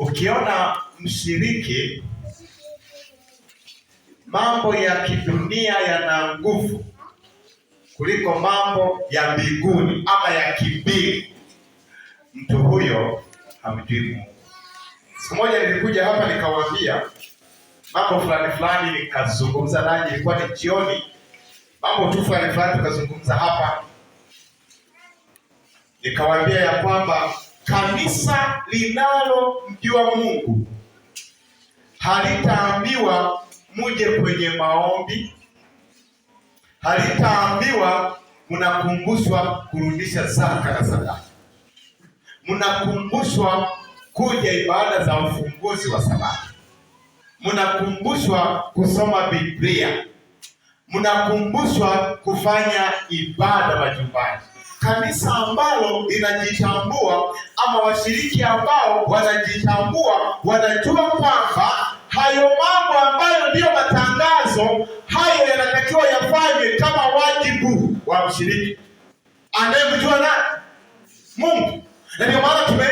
Ukiona mshiriki mambo ya kidunia yana nguvu kuliko mambo ya mbinguni ama ya kimbingu, mtu huyo hamjui Mungu. Siku moja nilikuja hapa nikawaambia mambo fulani fulani, nikazungumza nanyi, ilikuwa ni jioni, mambo tu fulani fulani tukazungumza hapa, nikawaambia ya kwamba Kanisa linalomjua Mungu halitaambiwa muje kwenye maombi, halitaambiwa mnakumbushwa kurudisha zaka na sadaka, mnakumbushwa kuja ibada za ufunguzi wa Sabato, mnakumbushwa kusoma Biblia, mnakumbushwa kufanya ibada majumbani kanisa ambalo linajitambua ama washiriki ambao wanajitambua, wanajua kwamba hayo mambo ambayo ndiyo matangazo hayo yanatakiwa yafanywe kama wajibu wa mshiriki anayemjua nani? Mungu. Na ndio maana tume